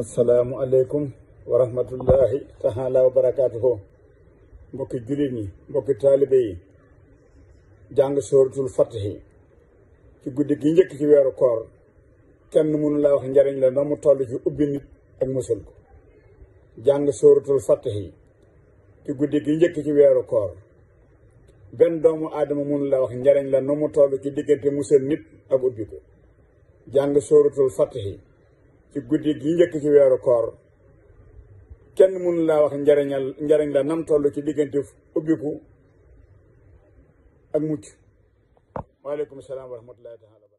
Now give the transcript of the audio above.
asalaamualeykum wa rahmatullahi taala wa barakaatuhu mbokki jullit ñi mbokki taalibe yi jàng sóoratul fatihi ci ci wax njariñ la mu toll ci ubbi nit ak ko jàng sóoratul fatihi guddi gi njëkk ci weeru koor benn doomu aadama mënu laa wax njariñ la na mu toll ci diggante musal nit ak ubbi ko jàng sóoratul fatihi ci guddi gi njëkk ci weeru koor kenn mënu laa wax njariñal njariñ la nam toll ci diggante ubbiku ak mucc waaleykum salaam wa rahmatullahi taala